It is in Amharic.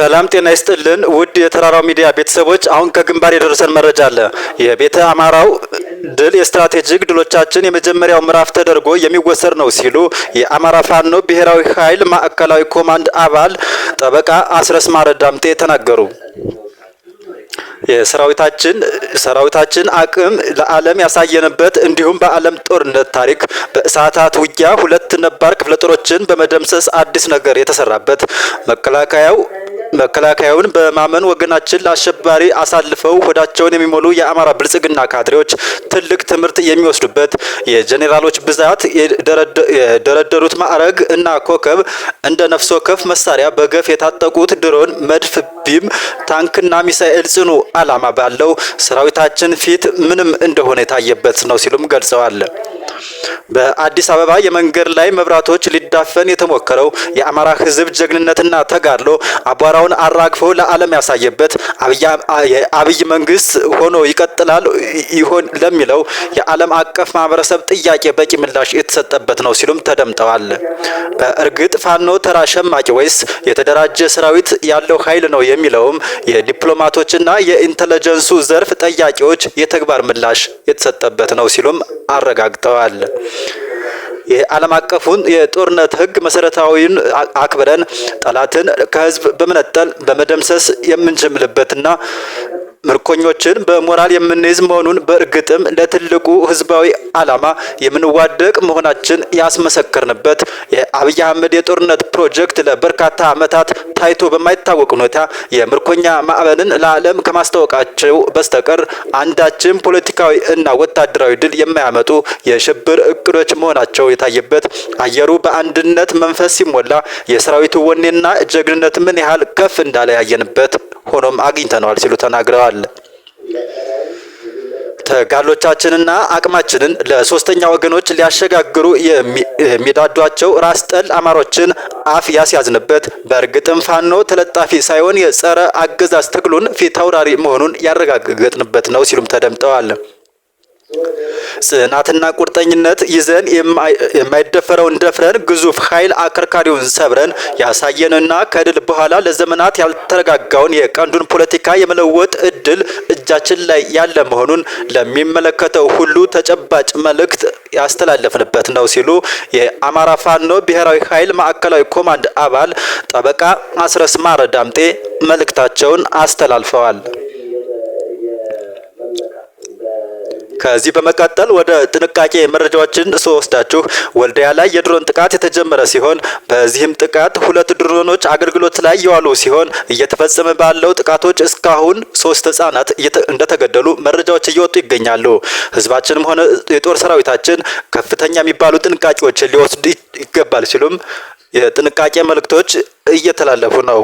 ሰላም ጤና ይስጥልን ውድ የተራራው ሚዲያ ቤተሰቦች፣ አሁን ከግንባር የደረሰን መረጃ አለ። የቤተ አማራው ድል የስትራቴጂክ ድሎቻችን የመጀመሪያው ምዕራፍ ተደርጎ የሚወሰድ ነው ሲሉ የአማራ ፋኖ ብሔራዊ ኃይል ማዕከላዊ ኮማንድ አባል ጠበቃ አስረስማረ ዳምጤ ተናገሩ። የሰራዊታችን ሰራዊታችን አቅም ለዓለም ያሳየንበት እንዲሁም በዓለም ጦርነት ታሪክ በእሳታት ውጊያ ሁለት ነባር ክፍለ ጦሮችን በመደምሰስ አዲስ ነገር የተሰራበት መከላከያው መከላከያውን በማመን ወገናችን ለአሸባሪ አሳልፈው ሆዳቸውን የሚሞሉ የአማራ ብልጽግና ካድሬዎች ትልቅ ትምህርት የሚወስዱበት የጄኔራሎች ብዛት የደረደሩት ማዕረግ እና ኮከብ እንደ ነፍስ ወከፍ መሳሪያ በገፍ የታጠቁት ድሮን፣ መድፍ፣ ቢም፣ ታንክና ሚሳኤል ጽኑ ዓላማ ባለው ሰራዊታችን ፊት ምንም እንደሆነ የታየበት ነው ሲሉም ገልጸዋል። በአዲስ አበባ የመንገድ ላይ መብራቶች ሊዳፈን የተሞከረው የአማራ ሕዝብ ጀግንነትና ተጋድሎ አቧራ ጨለማውን አራግፎ ለዓለም ያሳየበት የአብይ መንግስት ሆኖ ይቀጥላል ይሆን ለሚለው የዓለም አቀፍ ማህበረሰብ ጥያቄ በቂ ምላሽ የተሰጠበት ነው ሲሉም ተደምጠዋል። በእርግጥ ፋኖ ተራ ሸማቂ ወይስ የተደራጀ ሰራዊት ያለው ኃይል ነው የሚለውም የዲፕሎማቶችና የኢንተለጀንሱ ዘርፍ ጥያቄዎች የተግባር ምላሽ የተሰጠበት ነው ሲሉም አረጋግጠዋል። የዓለም አቀፉን የጦርነት ህግ መሰረታዊን አክብረን ጠላትን ከህዝብ በመነጠል በመደምሰስ የምንጀምልበትና ምርኮኞችን በሞራል የምንይዝ መሆኑን በእርግጥም ለትልቁ ህዝባዊ ዓላማ የምንዋደቅ መሆናችን ያስመሰከርንበት የአብይ አህመድ የጦርነት ፕሮጀክት ለበርካታ ዓመታት ታይቶ በማይታወቅ ሁኔታ የምርኮኛ ማዕበልን ለዓለም ከማስታወቃቸው በስተቀር አንዳችም ፖለቲካዊ እና ወታደራዊ ድል የማያመጡ የሽብር እቅዶች መሆናቸው የታየበት አየሩ በአንድነት መንፈስ ሲሞላ የሰራዊቱ ወኔና ጀግንነት ምን ያህል ከፍ እንዳለ ያየንበት ስራም አግኝተነዋል ሲሉ ተናግረዋል። ተጋሎቻችንና አቅማችንን ለሶስተኛ ወገኖች ሊያሸጋግሩ የሚዳዷቸው ራስ ጠል አማሮችን አፍ ያስያዝንበት በእርግጥም ፋኖ ተለጣፊ ሳይሆን የጸረ አገዛዝ ትግሉን ፊት አውራሪ መሆኑን ያረጋገጥንበት ነው ሲሉም ተደምጠዋል። ጽናትና ቁርጠኝነት ይዘን የማይደፈረውን ደፍረን ግዙፍ ኃይል አከርካሪውን ሰብረን ያሳየንና ከድል በኋላ ለዘመናት ያልተረጋጋውን የቀንዱን ፖለቲካ የመለወጥ እድል እጃችን ላይ ያለ መሆኑን ለሚመለከተው ሁሉ ተጨባጭ መልእክት ያስተላለፍንበት ነው ሲሉ የአማራ ፋኖ ብሔራዊ ኃይል ማዕከላዊ ኮማንድ አባል ጠበቃ አስረስ ዳምጤ መልእክታቸውን አስተላልፈዋል። ከዚህ በመቀጠል ወደ ጥንቃቄ መረጃዎችን ስወስዳችሁ ወልዲያ ላይ የድሮን ጥቃት የተጀመረ ሲሆን በዚህም ጥቃት ሁለት ድሮኖች አገልግሎት ላይ የዋሉ ሲሆን እየተፈጸመ ባለው ጥቃቶች እስካሁን ሶስት ህጻናት እንደተገደሉ መረጃዎች እየወጡ ይገኛሉ። ህዝባችንም ሆነ የጦር ሰራዊታችን ከፍተኛ የሚባሉ ጥንቃቄዎችን ሊወስድ ይገባል ሲሉም የጥንቃቄ መልእክቶች እየተላለፉ ነው።